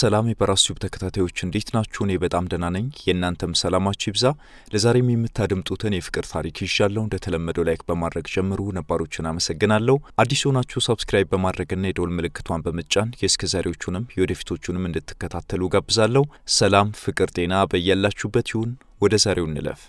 ሰላም የበራስ ዩቲዩብ ተከታታዮች እንዴት ናችሁ? እኔ በጣም ደህና ነኝ። የእናንተም ሰላማችሁ ይብዛ። ለዛሬም የምታደምጡትን የፍቅር ታሪክ ይዣለሁ። እንደተለመደው ላይክ በማድረግ ጀምሩ። ነባሮችን አመሰግናለሁ። አዲስ የሆናችሁ ሰብስክራይብ በማድረግና የደወል ምልክቷን በመጫን የእስከ ዛሬዎቹንም የወደፊቶቹንም እንድትከታተሉ ጋብዛለሁ። ሰላም፣ ፍቅር፣ ጤና በያላችሁበት ይሁን። ወደ ዛሬው እንለፍ።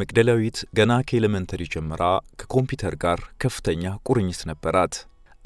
መቅደላዊት ገና ከኤሌመንተሪ ጀምራ ከኮምፒውተር ጋር ከፍተኛ ቁርኝት ነበራት።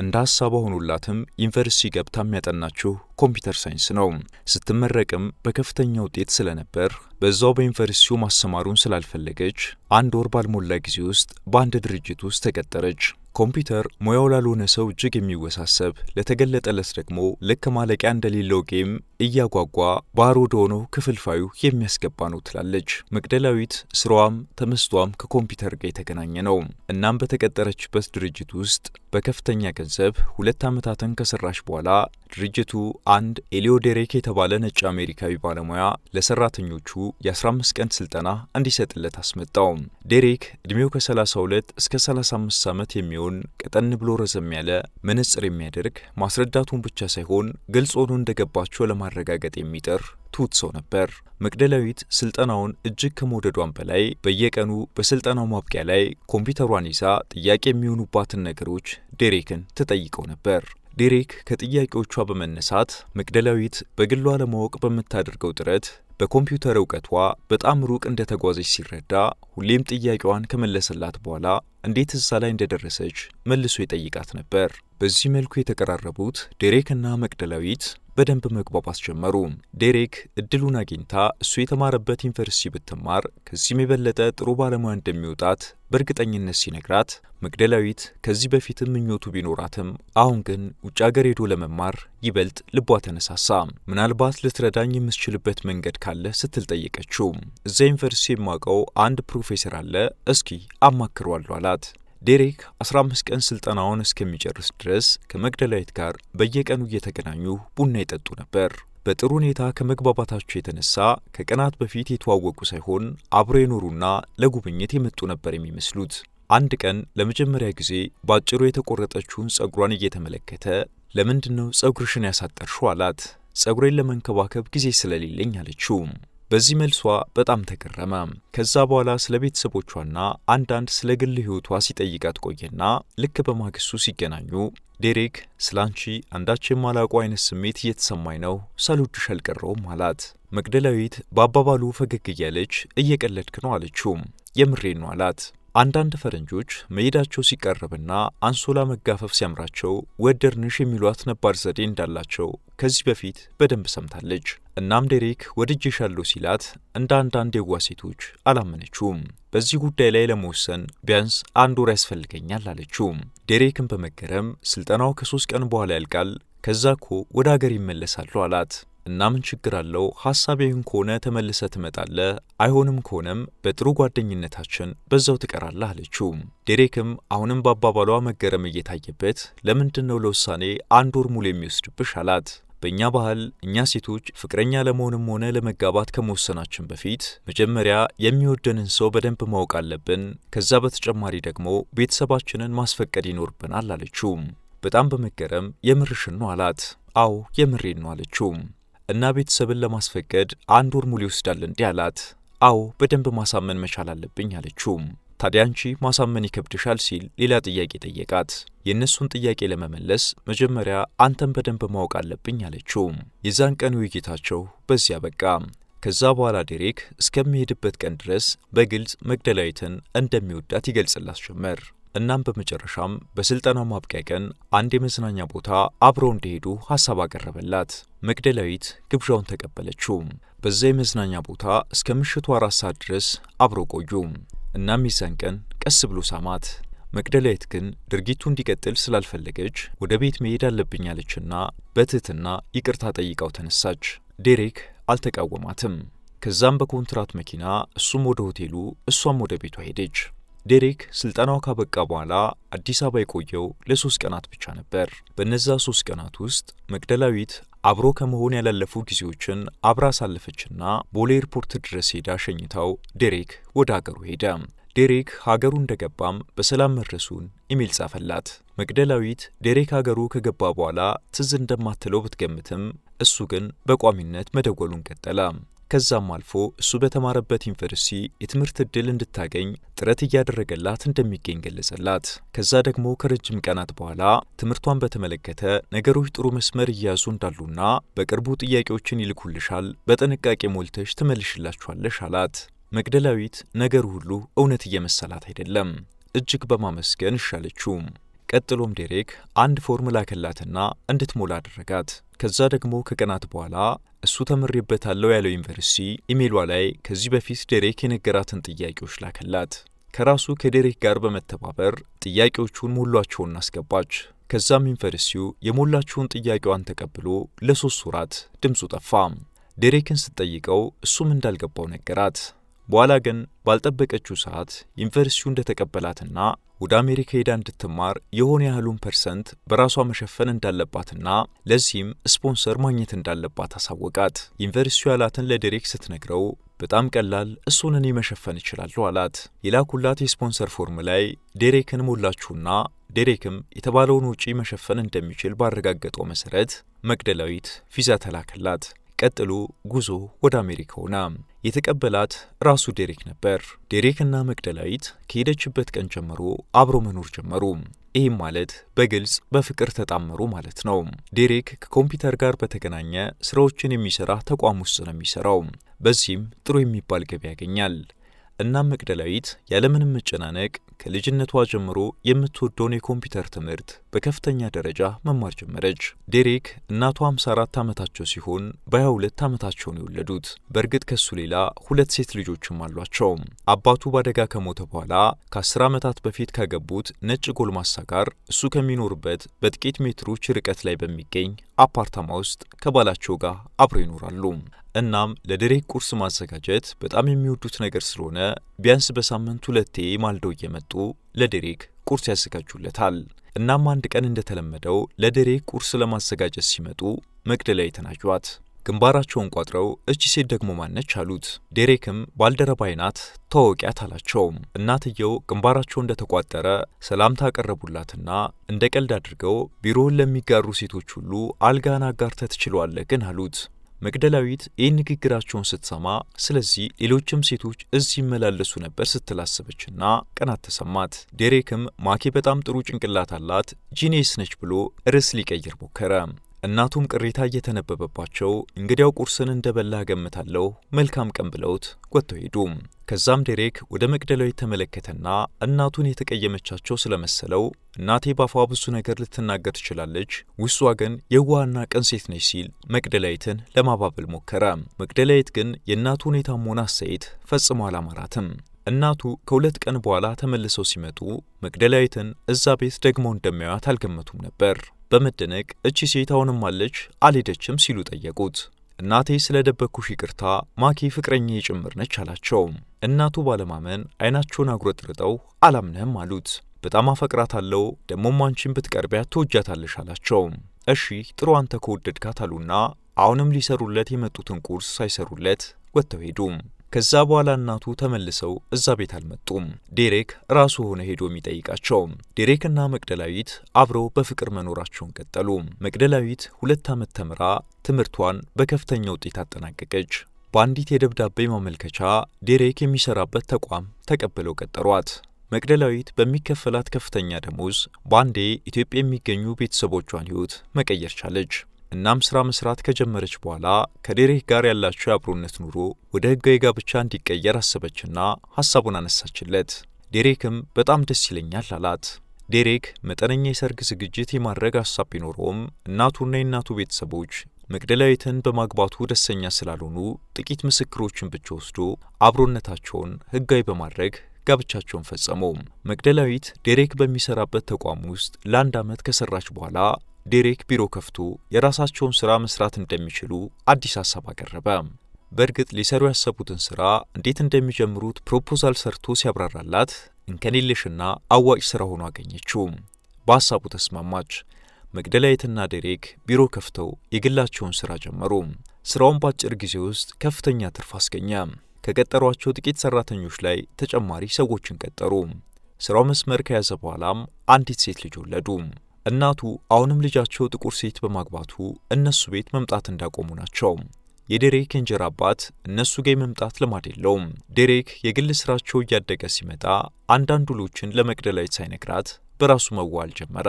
እንደ ሐሳቧ ሆኖላትም ዩኒቨርሲቲ ገብታ የሚያጠናችሁ ኮምፒውተር ሳይንስ ነው። ስትመረቅም በከፍተኛ ውጤት ስለነበር በዛው በዩኒቨርሲቲው ማሰማሩን ስላልፈለገች አንድ ወር ባልሞላ ጊዜ ውስጥ በአንድ ድርጅት ውስጥ ተቀጠረች። ኮምፒውተር ሙያው ላልሆነ ሰው እጅግ የሚወሳሰብ ለተገለጠለት ደግሞ ልክ ማለቂያ እንደሌለው ጌም እያጓጓ ባሮ ወደሆነው ክፍልፋዩ የሚያስገባ ነው ትላለች መቅደላዊት። ስራዋም ተመስጧም ከኮምፒውተር ጋር የተገናኘ ነው። እናም በተቀጠረችበት ድርጅት ውስጥ በከፍተኛ ገንዘብ ሁለት ዓመታትን ከሰራች በኋላ ድርጅቱ አንድ ኤሊዮ ዴሬክ የተባለ ነጭ አሜሪካዊ ባለሙያ ለሰራተኞቹ የ15 ቀን ስልጠና እንዲሰጥለት አስመጣው። ዴሬክ እድሜው ከ32 እስከ 35 ዓመት የሚሆን ቀጠን ብሎ ረዘም ያለ መነጽር የሚያደርግ ማስረዳቱን ብቻ ሳይሆን ግልጽ ሆኖ እንደገባቸው ለማረጋገጥ የሚጥር ትሁት ሰው ነበር። መቅደላዊት ስልጠናውን እጅግ ከመውደዷን በላይ በየቀኑ በስልጠናው ማብቂያ ላይ ኮምፒውተሯን ይዛ ጥያቄ የሚሆኑባትን ነገሮች ዴሬክን ትጠይቀው ነበር። ዴሬክ ከጥያቄዎቿ በመነሳት መግደላዊት በግሏ ለማወቅ በምታደርገው ጥረት በኮምፒውተር እውቀቷ በጣም ሩቅ እንደተጓዘች ሲረዳ ሁሌም ጥያቄዋን ከመለሰላት በኋላ እንዴት እዛ ላይ እንደደረሰች መልሶ ይጠይቃት ነበር። በዚህ መልኩ የተቀራረቡት ዴሬክ እና መቅደላዊት። በደንብ መግባባት ጀመሩ። ዴሬክ እድሉን አግኝታ እሱ የተማረበት ዩኒቨርሲቲ ብትማር ከዚህም የበለጠ ጥሩ ባለሙያ እንደሚወጣት በእርግጠኝነት ሲነግራት መግደላዊት ከዚህ በፊትም ምኞቱ ቢኖራትም አሁን ግን ውጭ ሀገር ሄዶ ለመማር ይበልጥ ልቧ ተነሳሳ። ምናልባት ልትረዳኝ የምትችልበት መንገድ ካለ ስትል ጠየቀችው። እዚያ ዩኒቨርሲቲ የማውቀው አንድ ፕሮፌሰር አለ፣ እስኪ አማክረዋለሁ አላት። ዴሬክ 15 ቀን ስልጠናውን እስከሚጨርስ ድረስ ከመግደላዊት ጋር በየቀኑ እየተገናኙ ቡና ይጠጡ ነበር። በጥሩ ሁኔታ ከመግባባታቸው የተነሳ ከቀናት በፊት የተዋወቁ ሳይሆን አብሮ የኖሩና ለጉብኝት የመጡ ነበር የሚመስሉት። አንድ ቀን ለመጀመሪያ ጊዜ በአጭሩ የተቆረጠችውን ጸጉሯን እየተመለከተ ለምንድን ነው ጸጉርሽን ያሳጠርሽው? አላት። ጸጉሬን ለመንከባከብ ጊዜ ስለሌለኝ አለችው። በዚህ መልሷ በጣም ተገረመ። ከዛ በኋላ ስለ ቤተሰቦቿና አንዳንድ ስለ ግል ሕይወቷ ሲጠይቃት ቆየና ልክ በማግስቱ ሲገናኙ ዴሬክ ስለ አንቺ አንዳች የማላቁ አይነት ስሜት እየተሰማኝ ነው፣ ሳልወድሽ አልቀረውም አላት። መግደላዊት በአባባሉ ፈገግ እያለች እየቀለድክ ነው አለችው። የምሬኑ አላት። አንዳንድ ፈረንጆች መሄዳቸው ሲቀርብና አንሶላ መጋፈፍ ሲያምራቸው ወደርንሽ የሚሏት ነባር ዘዴ እንዳላቸው ከዚህ በፊት በደንብ ሰምታለች። እናም ዴሬክ ወድጄሻለሁ ሲላት እንደ አንዳንድ የዋ ሴቶች አላመነችውም። በዚህ ጉዳይ ላይ ለመወሰን ቢያንስ አንድ ወር ያስፈልገኛል አለችው። ዴሬክን በመገረም ስልጠናው ከሶስት ቀን በኋላ ያልቃል፣ ከዛ እኮ ወደ አገር ይመለሳሉ አላት። እና ምን ችግር አለው? ሐሳቤህን ከሆነ ተመልሰ ትመጣለህ፣ አይሆንም ከሆነም በጥሩ ጓደኝነታችን በዛው ትቀራለህ አለችው። ዴሬክም አሁንም በአባባሏ መገረም እየታየበት ለምንድን ነው ለውሳኔ አንድ ወር ሙሉ የሚወስድብሽ አላት። በእኛ ባህል እኛ ሴቶች ፍቅረኛ ለመሆንም ሆነ ለመጋባት ከመወሰናችን በፊት መጀመሪያ የሚወደንን ሰው በደንብ ማወቅ አለብን። ከዛ በተጨማሪ ደግሞ ቤተሰባችንን ማስፈቀድ ይኖርብናል አለችው። በጣም በመገረም የምርሽን ነው አላት። አዎ የምሬን ነው አለችው። እና ቤተሰብን ለማስፈቀድ አንድ ወር ሙሉ ይወስዳል እንዲህ አላት። አዎ በደንብ ማሳመን መቻል አለብኝ አለችው። ታዲያ አንቺ ማሳመን ይከብድሻል ሲል ሌላ ጥያቄ ጠየቃት። የእነሱን ጥያቄ ለመመለስ መጀመሪያ አንተን በደንብ ማወቅ አለብኝ አለችው። የዛን ቀን ውይይታቸው በዚያ በቃ። ከዛ በኋላ ዴሬክ እስከሚሄድበት ቀን ድረስ በግልጽ መግደላዊትን እንደሚወዳት ይገልጽላት ጀመር። እናም በመጨረሻም በስልጠናው ማብቂያ ቀን አንድ የመዝናኛ ቦታ አብረው እንዲሄዱ ሐሳብ አቀረበላት። መግደላዊት ግብዣውን ተቀበለችው። በዛ የመዝናኛ ቦታ እስከ ምሽቱ አራት ሰዓት ድረስ አብረው ቆዩ። እናም የዛን ቀን ቀስ ብሎ ሳማት። መግደላዊት ግን ድርጊቱ እንዲቀጥል ስላልፈለገች ወደ ቤት መሄድ አለብኝ አለችና በትህትና ይቅርታ ጠይቃው ተነሳች። ዴሬክ አልተቃወማትም። ከዛም በኮንትራት መኪና እሱም ወደ ሆቴሉ እሷም ወደ ቤቷ ሄደች። ዴሬክ ስልጠናው ካበቃ በኋላ አዲስ አበባ የቆየው ለሶስት ቀናት ብቻ ነበር። በእነዛ ሶስት ቀናት ውስጥ መግደላዊት አብሮ ከመሆን ያላለፉ ጊዜዎችን አብራ አሳለፈችና ቦሌ ኤርፖርት ድረስ ሄዳ ሸኝታው ዴሬክ ወደ አገሩ ሄደ። ዴሬክ ሀገሩ እንደገባም በሰላም መድረሱን ኢሜል ጻፈላት። መግደላዊት ዴሬክ ሀገሩ ከገባ በኋላ ትዝ እንደማትለው ብትገምትም እሱ ግን በቋሚነት መደወሉን ቀጠለ። ከዛም አልፎ እሱ በተማረበት ዩኒቨርሲቲ የትምህርት ዕድል እንድታገኝ ጥረት እያደረገላት እንደሚገኝ ገለጸላት። ከዛ ደግሞ ከረጅም ቀናት በኋላ ትምህርቷን በተመለከተ ነገሮች ጥሩ መስመር እያያዙ እንዳሉና በቅርቡ ጥያቄዎችን ይልኩልሻል፣ በጥንቃቄ ሞልተሽ ትመልሽላችኋለሽ አላት። መግደላዊት ነገር ሁሉ እውነት እየመሰላት አይደለም፣ እጅግ በማመስገን እሻለችው። ቀጥሎም ዴሬክ አንድ ፎርም ላከላትና እንድትሞላ አደረጋት። ከዛ ደግሞ ከቀናት በኋላ እሱ ተምሬበታለው ያለው ዩኒቨርሲቲ ኢሜሏ ላይ ከዚህ በፊት ዴሬክ የነገራትን ጥያቄዎች ላከላት። ከራሱ ከዴሬክ ጋር በመተባበር ጥያቄዎቹን ሞሏቸውን አስገባች። ከዛም ዩኒቨርሲቲው የሞላችውን ጥያቄዋን ተቀብሎ ለሶስት ወራት ድምፁ ጠፋ። ዴሬክን ስትጠይቀው እሱም እንዳልገባው ነገራት። በኋላ ግን ባልጠበቀችው ሰዓት ዩኒቨርሲቲው እንደተቀበላትና ወደ አሜሪካ ሄዳ እንድትማር የሆነ ያህሉን ፐርሰንት በራሷ መሸፈን እንዳለባትና ለዚህም ስፖንሰር ማግኘት እንዳለባት አሳወቃት። ዩኒቨርሲቲው ያላትን ለዴሬክ ስትነግረው በጣም ቀላል፣ እሱን እኔ መሸፈን እችላለሁ አላት። የላኩላት የስፖንሰር ፎርም ላይ ዴሬክን ሞላችሁና ዴሬክም የተባለውን ውጪ መሸፈን እንደሚችል ባረጋገጠው መሰረት መግደላዊት ቪዛ ተላከላት። ቀጥሎ ጉዞ ወደ አሜሪካ ሆና የተቀበላት ራሱ ዴሬክ ነበር። ዴሬክ እና መግደላዊት ከሄደችበት ቀን ጀምሮ አብሮ መኖር ጀመሩ። ይህም ማለት በግልጽ በፍቅር ተጣመሩ ማለት ነው። ዴሬክ ከኮምፒውተር ጋር በተገናኘ ስራዎችን የሚሰራ ተቋም ውስጥ ነው የሚሰራው። በዚህም ጥሩ የሚባል ገቢ ያገኛል። እናም መቅደላዊት ያለምንም መጨናነቅ ከልጅነቷ ጀምሮ የምትወደውን የኮምፒውተር ትምህርት በከፍተኛ ደረጃ መማር ጀመረች። ዴሬክ እናቷ 54 ዓመታቸው ሲሆን በ22 ዓመታቸው ነው የወለዱት። በእርግጥ ከሱ ሌላ ሁለት ሴት ልጆችም አሏቸው። አባቱ በአደጋ ከሞተ በኋላ ከ10 ዓመታት በፊት ካገቡት ነጭ ጎልማሳ ጋር እሱ ከሚኖርበት በጥቂት ሜትሮች ርቀት ላይ በሚገኝ አፓርታማ ውስጥ ከባላቸው ጋር አብረው ይኖራሉ። እናም ለደረቅ ቁርስ ማዘጋጀት በጣም የሚወዱት ነገር ስለሆነ ቢያንስ በሳምንት ሁለቴ ማልደው እየመጡ ለደሬክ ቁርስ ያዘጋጁለታል። እናም አንድ ቀን እንደተለመደው ለደሬክ ቁርስ ለማዘጋጀት ሲመጡ መግደላዊትን አዩዋት። ግንባራቸውን ቋጥረው እቺ ሴት ደግሞ ማነች አሉት። ዴሬክም ባልደረባይ ናት ተወቂያት አላቸው። እናትየው ግንባራቸው እንደተቋጠረ ሰላምታ አቀረቡላትና እንደ ቀልድ አድርገው ቢሮውን ለሚጋሩ ሴቶች ሁሉ አልጋን አጋርተ ትችለዋለህ ግን አሉት። መግደላዊት ይህን ንግግራቸውን ስትሰማ ስለዚህ ሌሎችም ሴቶች እዚህ ይመላለሱ ነበር ስትላስበችና ቅናት ተሰማት። ዴሬክም ማኬ በጣም ጥሩ ጭንቅላት አላት ጂኔስ ነች ብሎ ርዕስ ሊቀይር ሞከረ። እናቱም ቅሬታ እየተነበበባቸው እንግዲያው ቁርስን እንደበላ ገምታለሁ፣ መልካም ቀን ብለውት ወጥተው ሄዱ። ከዛም ዴሬክ ወደ መቅደላዊ ተመለከተና እናቱን የተቀየመቻቸው ስለመሰለው እናቴ ባፏ ብዙ ነገር ልትናገር ትችላለች፣ ውስጧ ግን የዋህና ቅን ሴት ነች ሲል መቅደላዊትን ለማባበል ሞከረ። መቅደላዊት ግን የእናቱ ሁኔታ ሆነ አሰይት ፈጽሞ አላማራትም። እናቱ ከሁለት ቀን በኋላ ተመልሰው ሲመጡ መግደላዊትን እዛ ቤት ደግሞ እንደሚያዩት አልገመቱም ነበር። በመደነቅ እቺ ሴት አሁንም አለች አልሄደችም ሲሉ ጠየቁት። እናቴ ስለደበኩሽ ይቅርታ ማኪ ፍቅረኛ ጭምር ነች አላቸው። እናቱ ባለማመን አይናቸውን አጉረጥርጠው አላምነህም አሉት። በጣም አፈቅራታለሁ ደግሞም አንቺን ብትቀርቢያት ትወጃታለሽ አላቸው። እሺ ጥሩ አንተ ከወደድካት አሉና አሁንም ሊሰሩለት የመጡትን ቁርስ ሳይሰሩለት ወጥተው ሄዱ። ከዛ በኋላ እናቱ ተመልሰው እዛ ቤት አልመጡም። ዴሬክ ራሱ ሆነ ሄዶ የሚጠይቃቸው። ዴሬክና መቅደላዊት አብረው በፍቅር መኖራቸውን ቀጠሉ። መቅደላዊት ሁለት ዓመት ተምራ ትምህርቷን በከፍተኛ ውጤት አጠናቀቀች። በአንዲት የደብዳቤ ማመልከቻ ዴሬክ የሚሰራበት ተቋም ተቀብለው ቀጠሯት። መቅደላዊት በሚከፈላት ከፍተኛ ደሞዝ በአንዴ ኢትዮጵያ የሚገኙ ቤተሰቦቿን ሕይወት መቀየር ቻለች። እናም ስራ መስራት ከጀመረች በኋላ ከዴሬክ ጋር ያላቸው የአብሮነት ኑሮ ወደ ህጋዊ ጋብቻ እንዲቀየር አሰበችና ሀሳቡን አነሳችለት። ዴሬክም በጣም ደስ ይለኛል አላት። ዴሬክ መጠነኛ የሰርግ ዝግጅት የማድረግ ሀሳብ ቢኖረውም እናቱና የእናቱ ቤተሰቦች መግደላዊትን በማግባቱ ደሰኛ ስላልሆኑ ጥቂት ምስክሮችን ብቻ ወስዶ አብሮነታቸውን ህጋዊ በማድረግ ጋብቻቸውን ፈጸሙ። መግደላዊት ዴሬክ በሚሰራበት ተቋም ውስጥ ለአንድ ዓመት ከሰራች በኋላ ዴሬክ ቢሮ ከፍቶ የራሳቸውን ሥራ መስራት እንደሚችሉ አዲስ ሐሳብ አቀረበ። በእርግጥ ሊሰሩ ያሰቡትን ሥራ እንዴት እንደሚጀምሩት ፕሮፖዛል ሰርቶ ሲያብራራላት እንከኔልሽና አዋጭ ሥራ ሆኖ አገኘችው። በሐሳቡ ተስማማች። መግደላየትና ዴሬክ ቢሮ ከፍተው የግላቸውን ሥራ ጀመሩ። ሥራውን በአጭር ጊዜ ውስጥ ከፍተኛ ትርፍ አስገኘ። ከቀጠሯቸው ጥቂት ሠራተኞች ላይ ተጨማሪ ሰዎችን ቀጠሩ። ሥራው መስመር ከያዘ በኋላም አንዲት ሴት ልጅ ወለዱ። እናቱ አሁንም ልጃቸው ጥቁር ሴት በማግባቱ እነሱ ቤት መምጣት እንዳቆሙ ናቸው። የዴሬክ እንጀራ አባት እነሱ ጋር መምጣት ልማድ የለውም። ዴሬክ የግል ስራቸው እያደገ ሲመጣ አንዳንድ ውሎችን ለመግደላዊት ሳይነግራት በራሱ መዋል ጀመረ።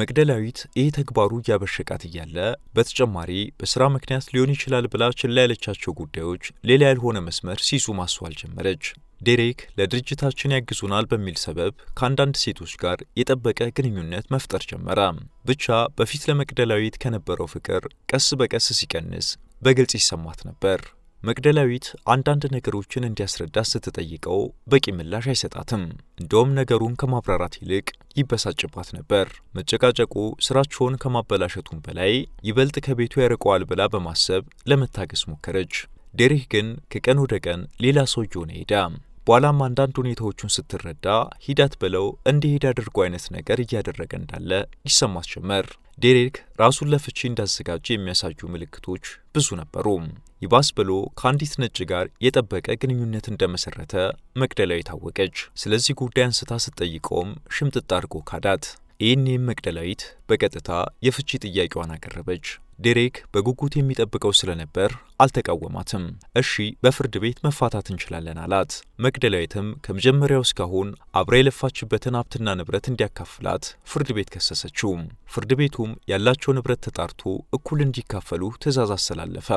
መግደላዊት ይህ ተግባሩ እያበሸቃት እያለ በተጨማሪ በስራ ምክንያት ሊሆን ይችላል ብላ ችላ ያለቻቸው ጉዳዮች ሌላ ያልሆነ መስመር ሲይዙ ማስተዋል ጀመረች። ዴሬክ ለድርጅታችን ያግዙናል በሚል ሰበብ ከአንዳንድ ሴቶች ጋር የጠበቀ ግንኙነት መፍጠር ጀመረ። ብቻ በፊት ለመግደላዊት ከነበረው ፍቅር ቀስ በቀስ ሲቀንስ በግልጽ ይሰማት ነበር። መግደላዊት አንዳንድ ነገሮችን እንዲያስረዳት ስትጠይቀው በቂ ምላሽ አይሰጣትም። እንደውም ነገሩን ከማብራራት ይልቅ ይበሳጭባት ነበር። መጨቃጨቁ ስራቸውን ከማበላሸቱም በላይ ይበልጥ ከቤቱ ያርቀዋል ብላ በማሰብ ለመታገስ ሞከረች። ዴሪህ ግን ከቀን ወደ ቀን ሌላ ሰው እየሆነ ሄዳ። በኋላም አንዳንድ ሁኔታዎቹን ስትረዳ ሂዳት ብለው እንዲሄድ አድርጎ አይነት ነገር እያደረገ እንዳለ ይሰማት ጀመር። ዴሪክ ራሱን ለፍቺ እንዳዘጋጀ የሚያሳዩ ምልክቶች ብዙ ነበሩ። ይባስ ብሎ ከአንዲት ነጭ ጋር የጠበቀ ግንኙነት እንደመሰረተ መግደላዊ ታወቀች። ስለዚህ ጉዳይ አንስታ ስትጠይቀውም ሽምጥጥ አድርጎ ካዳት። ኤኤንኤም መቅደላዊት በቀጥታ የፍቺ ጥያቄዋን አቀረበች። ዴሬክ በጉጉት የሚጠብቀው ስለነበር አልተቃወማትም። እሺ በፍርድ ቤት መፋታት እንችላለን አላት። መቅደላዊትም ከመጀመሪያው እስካሁን አብራ የለፋችበትን ሀብትና ንብረት እንዲያካፍላት ፍርድ ቤት ከሰሰችው። ፍርድ ቤቱም ያላቸው ንብረት ተጣርቶ እኩል እንዲካፈሉ ትዕዛዝ አስተላለፈ።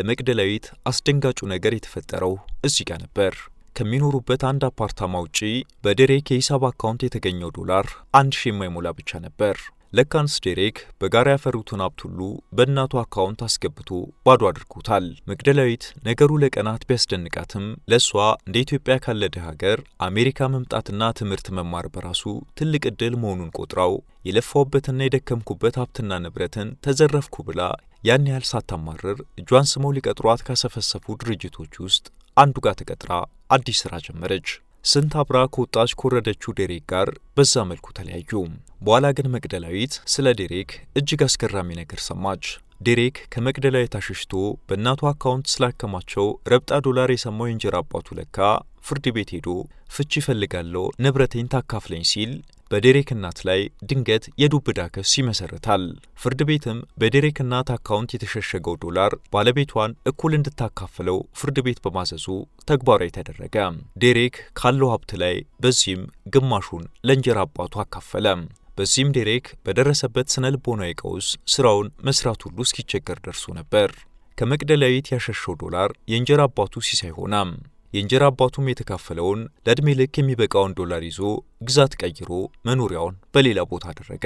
ለመቅደላዊት አስደንጋጩ ነገር የተፈጠረው እዚህ ጋር ነበር። ከሚኖሩበት አንድ አፓርታማ ውጪ በዴሬክ የሂሳብ አካውንት የተገኘው ዶላር አንድ ሺ የማይሞላ ብቻ ነበር። ለካንስ ዴሬክ በጋራ ያፈሩትን ሀብት ሁሉ በእናቱ አካውንት አስገብቶ ባዶ አድርጎታል። መግደላዊት ነገሩ ለቀናት ቢያስደንቃትም ለእሷ እንደ ኢትዮጵያ ካለደ ሀገር አሜሪካ መምጣትና ትምህርት መማር በራሱ ትልቅ ዕድል መሆኑን ቆጥራው የለፋውበትና የደከምኩበት ሀብትና ንብረትን ተዘረፍኩ ብላ ያን ያህል ሳታማርር እጇን ስመው ሊቀጥሯት ካሰፈሰፉ ድርጅቶች ውስጥ አንዱ ጋር ተቀጥራ አዲስ ስራ ጀመረች። ስንት አብራ ከወጣች ከወረደችው ዴሬክ ጋር በዛ መልኩ ተለያዩ። በኋላ ግን መቅደላዊት ስለ ዴሬክ እጅግ አስገራሚ ነገር ሰማች። ዴሬክ ከመቅደላዊት አሸሽቶ በእናቱ አካውንት ስላከማቸው ረብጣ ዶላር የሰማው የእንጀራ አባቱ ለካ ፍርድ ቤት ሄዶ ፍቺ ይፈልጋለው? ንብረቴን ታካፍለኝ ሲል በዴሬክ እናት ላይ ድንገት የዱብዳ ክስ ይመሰርታል። ፍርድ ቤትም በዴሬክ እናት አካውንት የተሸሸገው ዶላር ባለቤቷን እኩል እንድታካፍለው ፍርድ ቤት በማዘዙ ተግባራዊ ተደረገ። ዴሬክ ካለው ሀብት ላይ በዚህም ግማሹን ለእንጀራ አባቱ አካፈለ። በዚህም ዴሬክ በደረሰበት ስነ ልቦናዊ ቀውስ ስራውን መስራት ሁሉ እስኪቸገር ደርሶ ነበር። ከመቅደላዊት ያሸሸው ዶላር የእንጀራ አባቱ ሲሳይ የእንጀራ አባቱም የተካፈለውን ለዕድሜ ልክ የሚበቃውን ዶላር ይዞ ግዛት ቀይሮ መኖሪያውን በሌላ ቦታ አደረገ።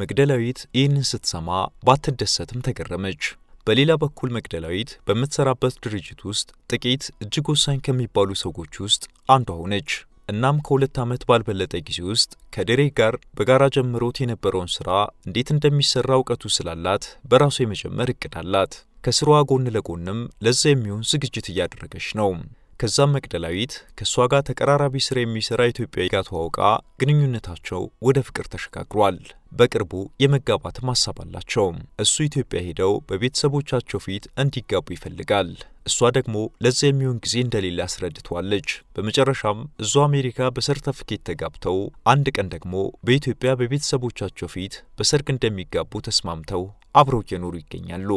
መግደላዊት ይህንን ስትሰማ ባትደሰትም ተገረመች። በሌላ በኩል መግደላዊት በምትሰራበት ድርጅት ውስጥ ጥቂት እጅግ ወሳኝ ከሚባሉ ሰዎች ውስጥ አንዷ ሆነች። እናም ከሁለት ዓመት ባልበለጠ ጊዜ ውስጥ ከደሬ ጋር በጋራ ጀምሮት የነበረውን ሥራ እንዴት እንደሚሠራ እውቀቱ ስላላት በራሷ የመጀመር እቅድ አላት። ከስሯ ጎን ለጎንም ለዛ የሚሆን ዝግጅት እያደረገች ነው። ከዛም መቅደላዊት ከእሷ ጋር ተቀራራቢ ስራ የሚሰራ ኢትዮጵያዊ ጋር ተዋውቃ ግንኙነታቸው ወደ ፍቅር ተሸጋግሯል። በቅርቡ የመጋባትም ሀሳብ አላቸው። እሱ ኢትዮጵያ ሄደው በቤተሰቦቻቸው ፊት እንዲጋቡ ይፈልጋል። እሷ ደግሞ ለዛ የሚሆን ጊዜ እንደሌለ አስረድተዋለች። በመጨረሻም እዙ አሜሪካ በሰርተፍኬት ተጋብተው አንድ ቀን ደግሞ በኢትዮጵያ በቤተሰቦቻቸው ፊት በሰርግ እንደሚጋቡ ተስማምተው አብረው እየኖሩ ይገኛሉ።